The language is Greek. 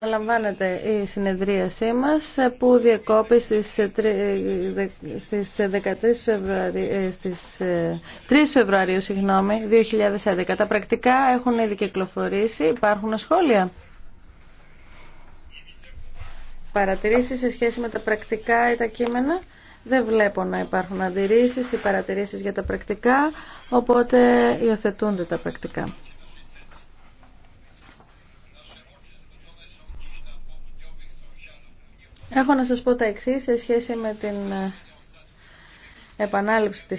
Αναλαμβάνεται η συνεδρίασή μας ε, που διεκόπη στις 13 Φεβρουαρίου, 3 Φεβρουαρίου συγγνώμη, 2011. Τα πρακτικά έχουν ήδη κυκλοφορήσει. Υπάρχουν σχόλια. Παρατηρήσεις σε σχέση με τα πρακτικά ή τα κείμενα. Δεν βλέπω να υπάρχουν αντιρρήσεις ή παρατηρήσεις για τα πρακτικά, οπότε υιοθετούνται τα πρακτικά. Έχω να σας πω τα εξής σε σχέση με την ε, επανάληψη τη.